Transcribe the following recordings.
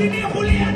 ni neexul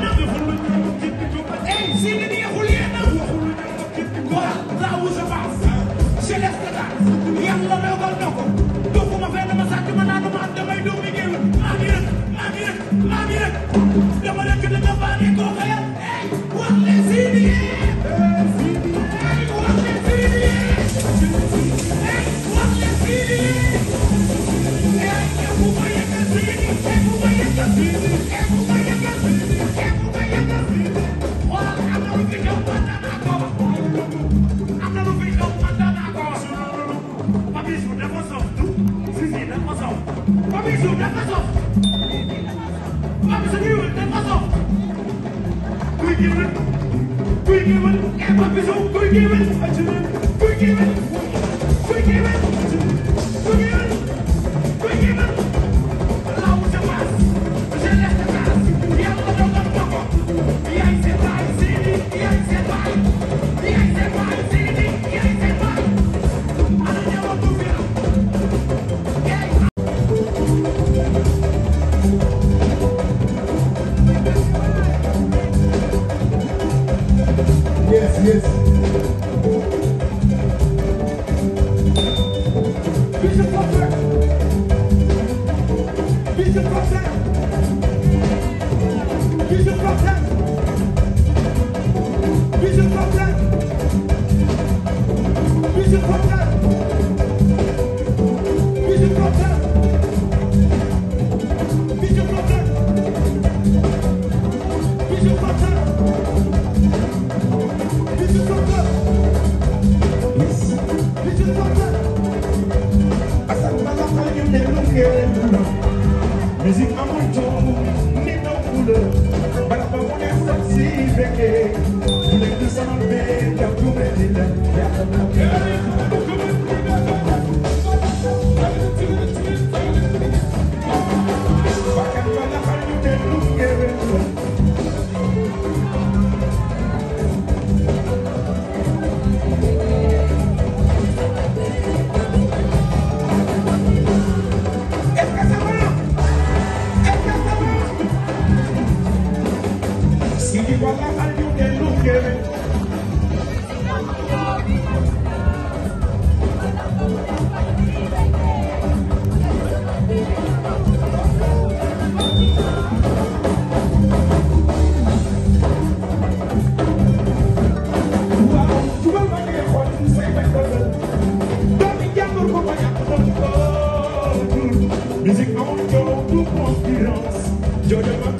musique amul tur ni doo couleur barab ba mu sax si fekkee bu nekk sama bee jàpp mel ni la yàlla na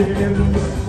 Thank you.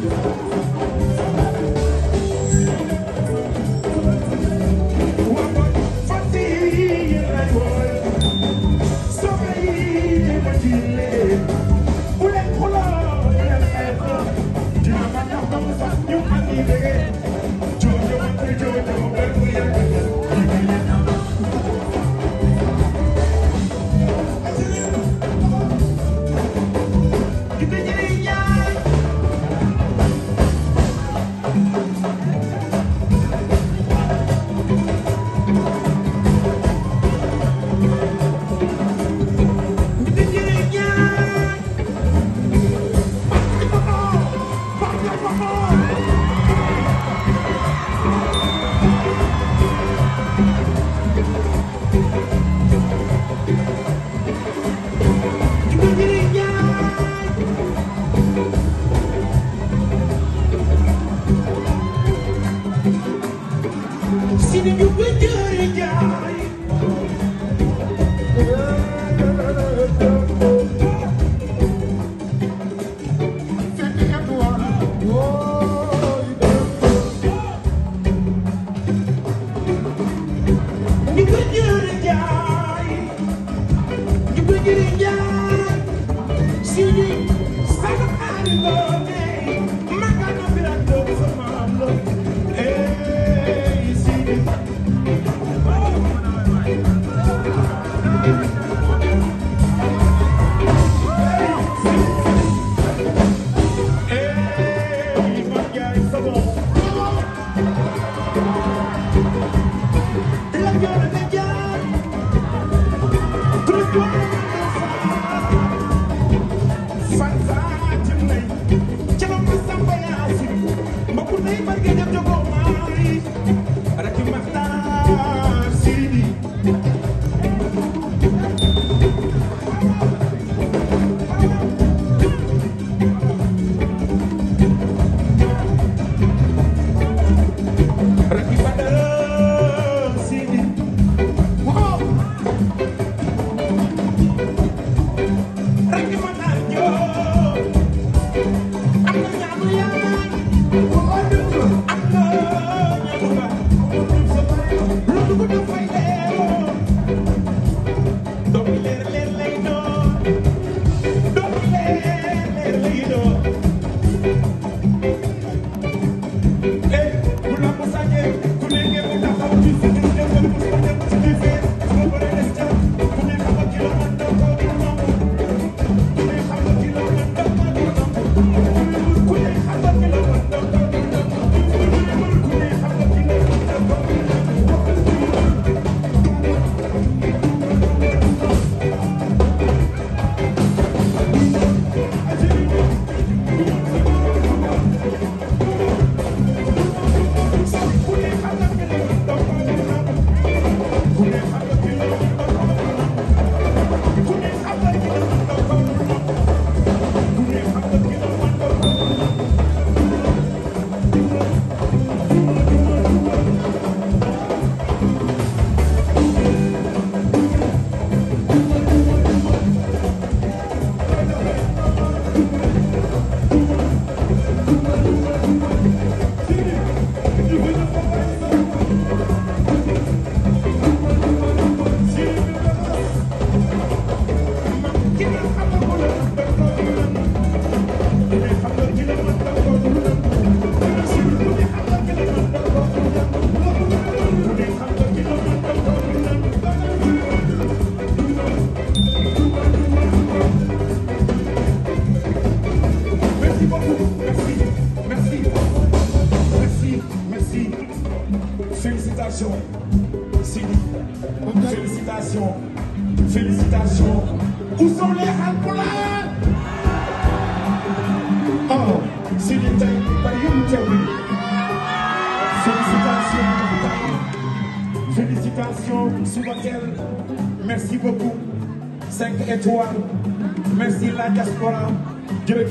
tey barke dem jokkoo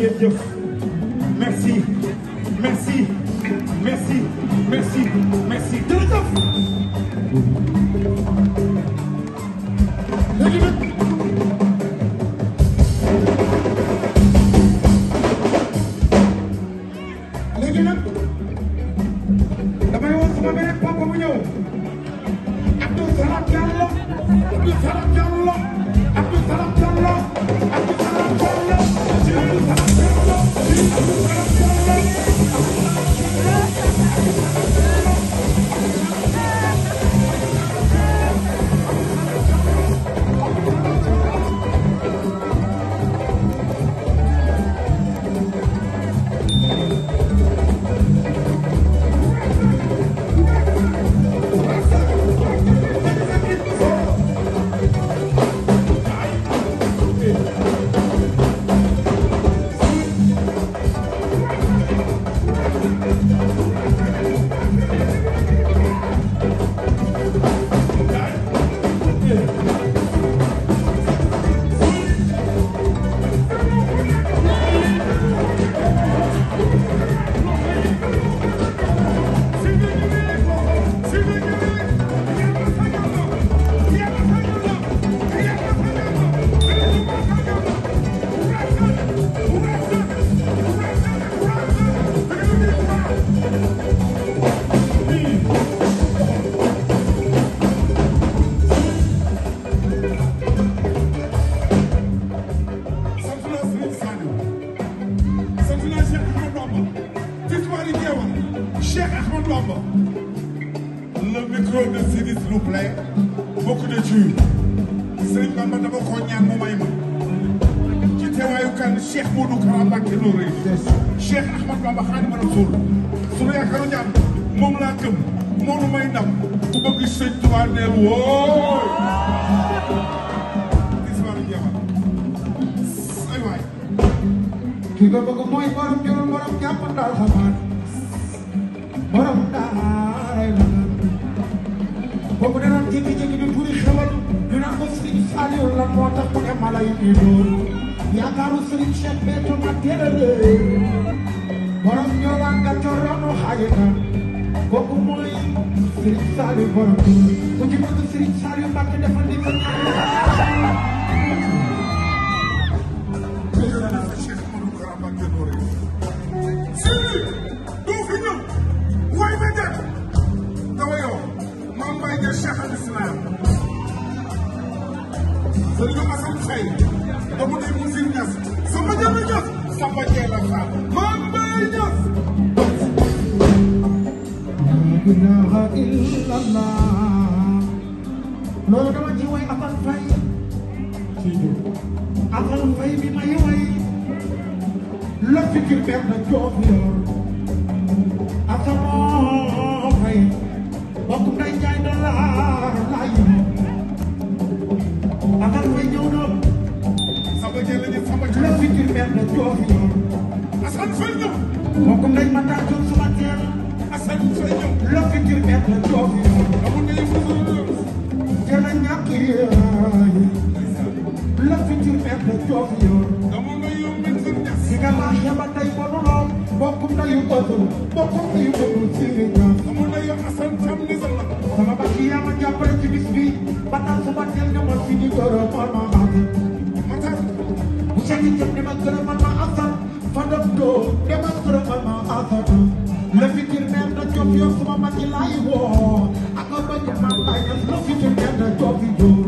jërëjëf. fikir benn jox yor ak sama fay bokk nday jaay dollar laay akal fay ñëw na sama jël ni sama jël fikir benn jox yor asan fay ñëw bokk nday ma taa jox suma teel asan fay ñëw la fikir benn jox yor amul ngay fusul jël ñàkk yi la fikir benn jox yor Sénégal ya ba tey ba nu lool bokk ndeyu bëtul bokk ndeyu bëtul Sénégal sama ndeyu Assane Thiam ni sama sama bàq yi yaa ma jàppale ci bis bi ba tax su ma teel ne ma si di gërëm ma ma bàq ma tax bu ca ni jëm ne ma gërëm ma ma Assane fa def doo ne ma gërëm ma ma Assane le fikir neex na cof yow sama mag yi laay woo ak ma bañ a ma bàyyi le fikir neex na cof yi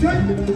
Thank you.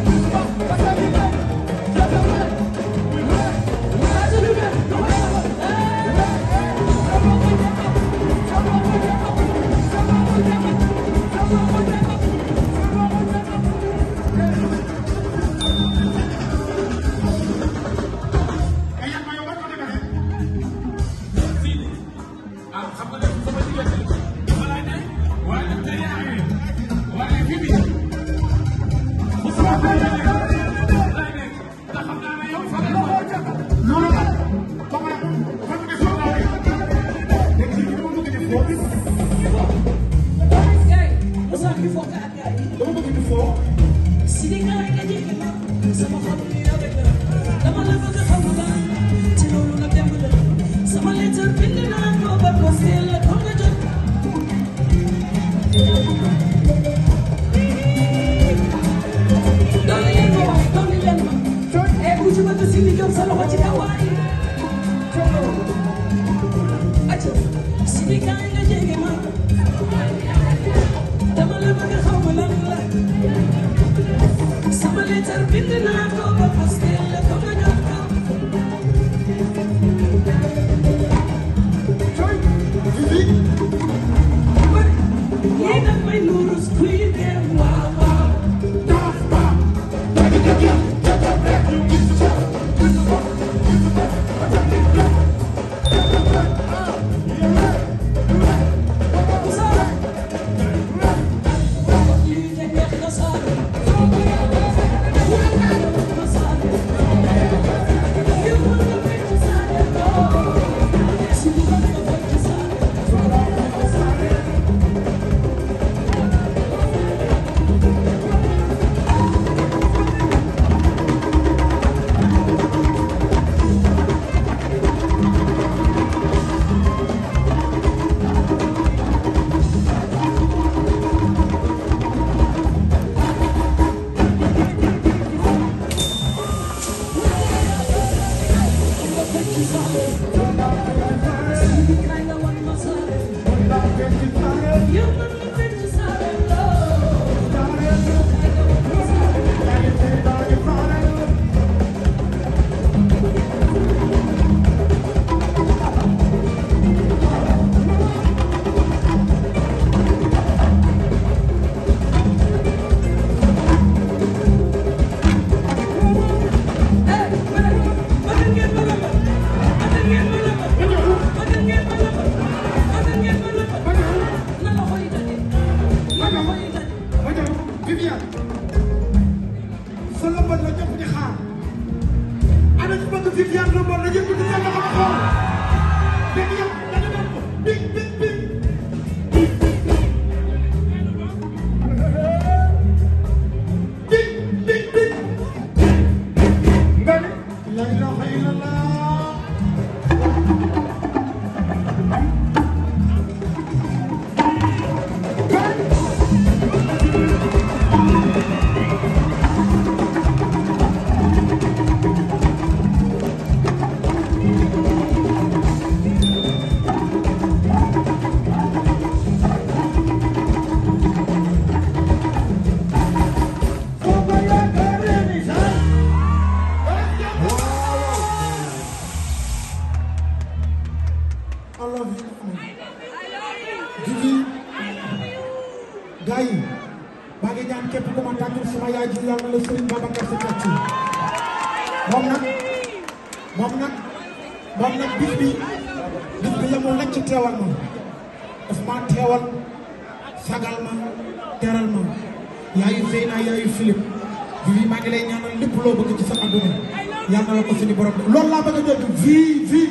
gars yi maa ngi ñaan ku ma tàggul sama yaay ji yàlla la Serigne Babacar Sy tàcc moom nag moom nag moom nag bis bi bis bi yemul nag ci teewal ma daf maa teewal sagal ma teral ma yaayu Zeyna yaayu Philippe bi maa ngi lay ñaanal lépp loo bëgg ci sa àdduna yàlla la ko suñu borom loolu laa bëgg a jot vie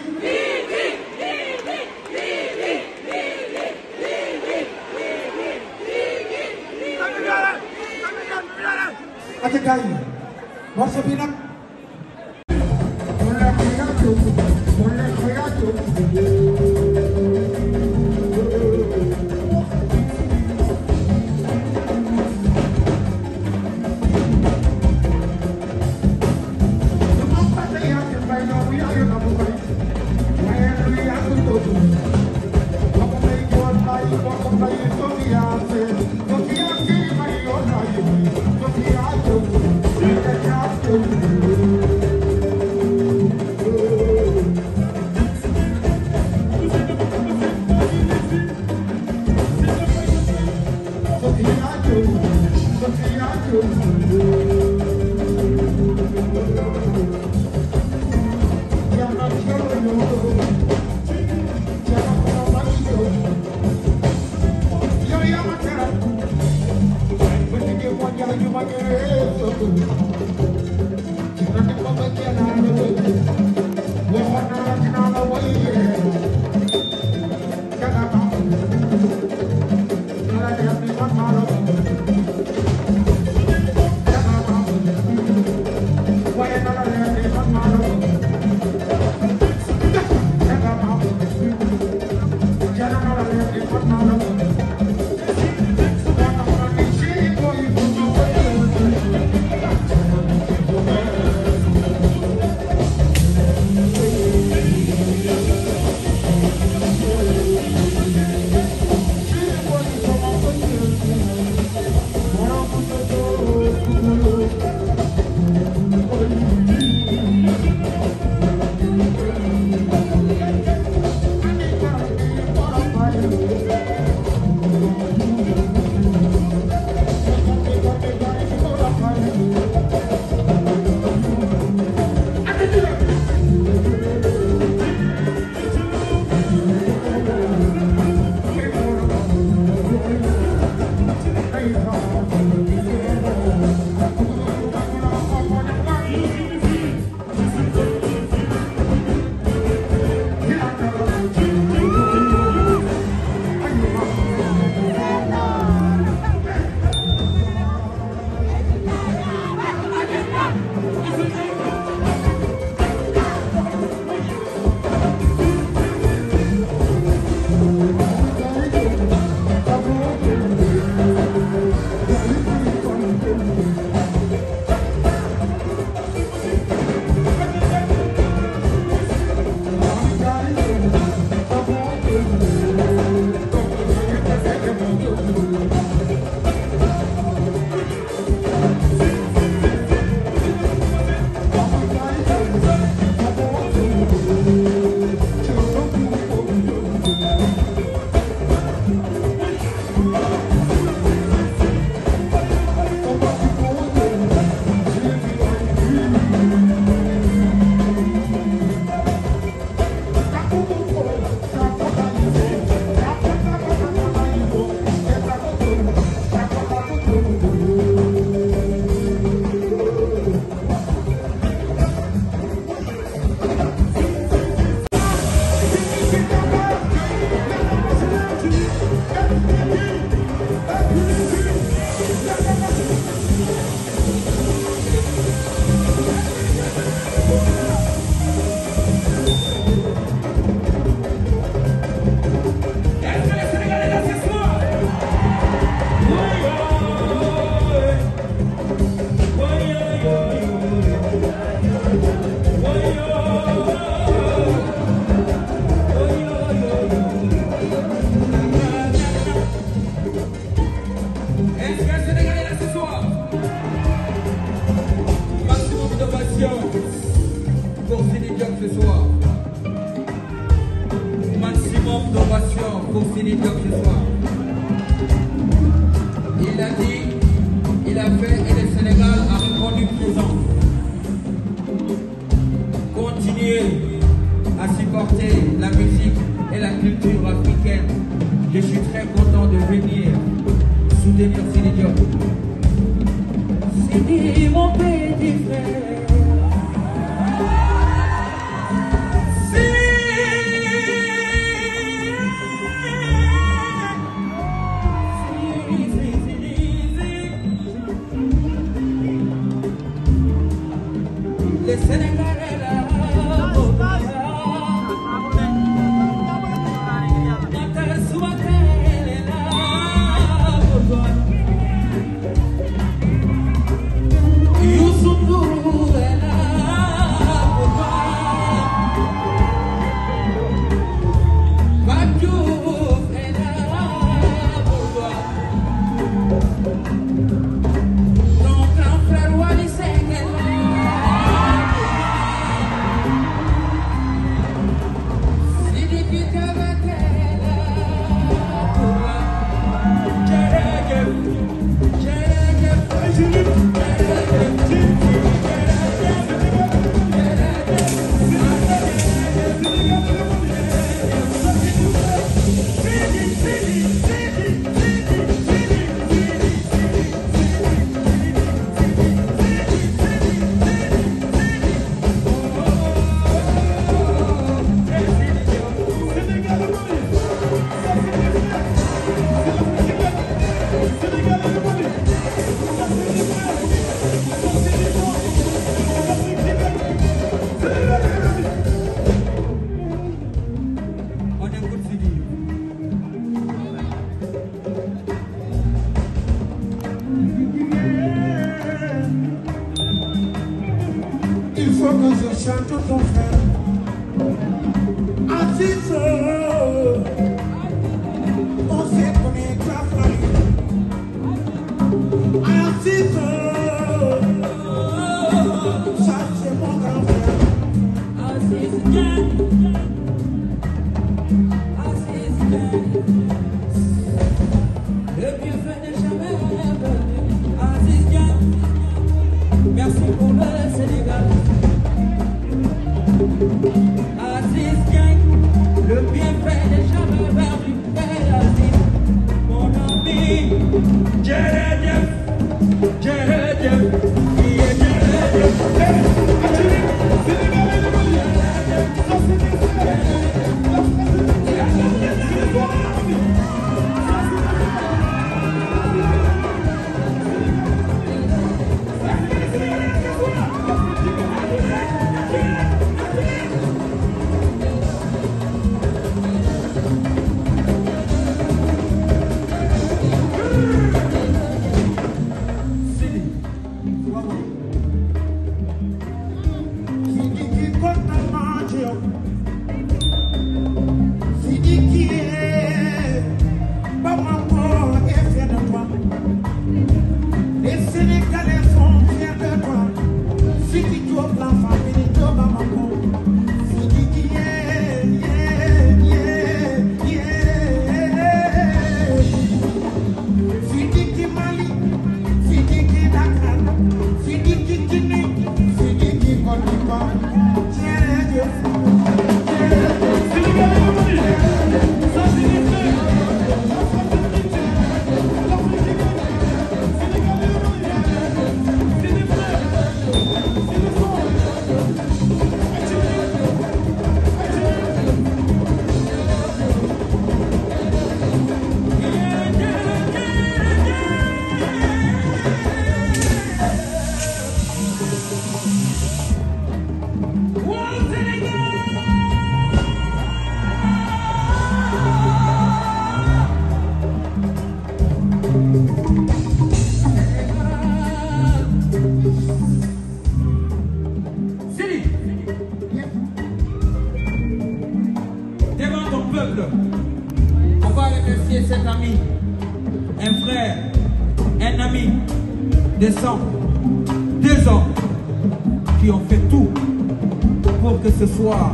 soir,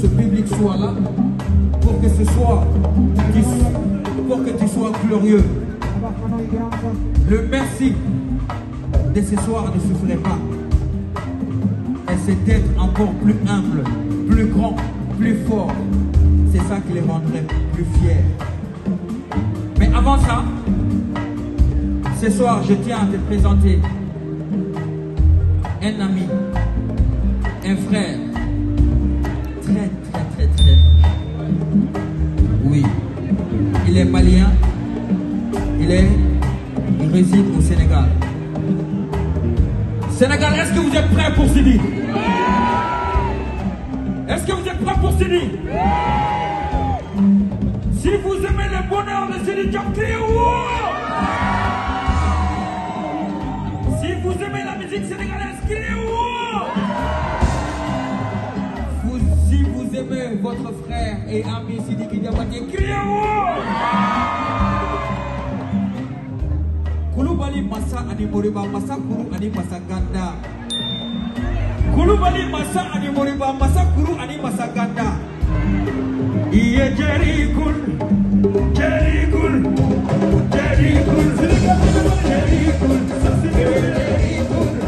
ce public soit là pour que ce soir, pour que tu sois glorieux. Le merci de ce soir ne souffrait pas. Et c'est être encore plus humble, plus grand, plus fort. C'est ça qui les rendrait plus fiers. Mais avant ça, ce soir, je tiens à te présenter un ami, un frère, Oui. Il est malien. Il est. Il réside au Sénégal. Sénégal, est-ce que vous êtes prêts pour Sidi Est-ce que vous êtes prêts pour Sidi Si vous aimez le bonheur de Sidi Diop, criez Si vous aimez la musique sénégalaise, criez Si vous aimez votre frère, et Ami Sidiki Diabaté Kulubali Massa ani Moriba Massa Kuru ani Massa Ganda Kulubali Massa ani Moriba Massa Kuru ani Massa Ganda Iye Jerikul Jerikul Jerikul Jerikul Jerikul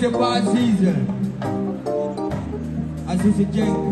Mr. Bad Season. As it's a jank.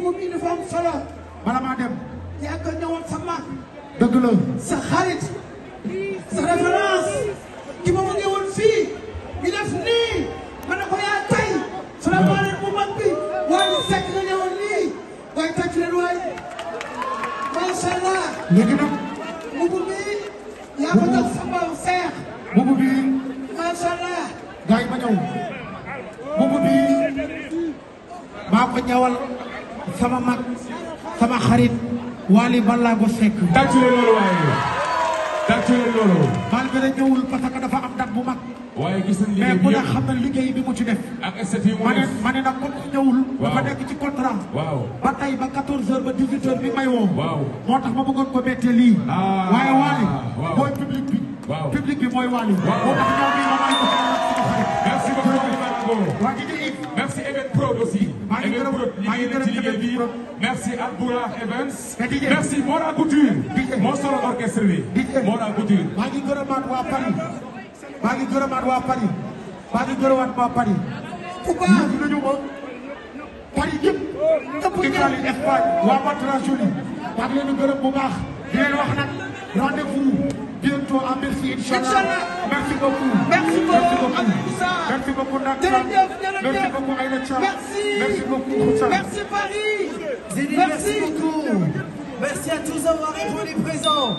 mbubum uniforme solo. bala maa dem. yàgg ñëwoon sa mag. dëgg sa xarit. sa référence. ki ma bëggee woon fii. ñu def nii. ma ne ko yaa tay. su la baalee bu mag bi. waaye sekk nga ñëwoon nii. waaye tàcc leen waaye. macha allah. yaa ko tax sa mbaaw seex. mbubum bi. macha allah. gars ma ñëw. mbubum bi. maa ko ñawal. sama mag sama xarit Wally Ballago Seck. tàccu leen loolu waaye tàccu leen loolu. malgré parce que dafa am date bu mag. waaye gis liggéey ku ne xam na liggéey bi mu ci def. ak STV mu ma ne ma ne nag comme que nekk ci contrat. ba tey ba 14h ba 18 bi may woo. waaw moo tax ma bëggoon ko méttee lii. Ah, waaye Wally. mooy public bi. waaw public bi mooy Wally. waaw moo tax ñëw bi ma may ko sama xarit. merci beaucoup. maa ngi gërëm maa ngi gërëm liggéey bi merci Abdoulaye Evans. merci Mora Couture. moo solo orchestre bi. Mora Couture. maa ngi gërëmaat waa Paris. maa ngi gërëmaat waa Paris. maa ngi gërëmaat waa Paris. ñëpp nañu ko. Paris ñëpp. Italie Espagne. waa Montreux maa ngi leen di gërëm bu baax. di leen wax nag rendez-vous. bientôt à Bercy inchallah merci beaucoup merci beaucoup merci beaucoup Ndakar merci beaucoup Aïda Thiam merci beaucoup Khoucha merci Paris Zélie merci beaucoup merci à tous d'avoir répondu présent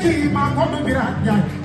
ci maam Ngom Birame Ndiaye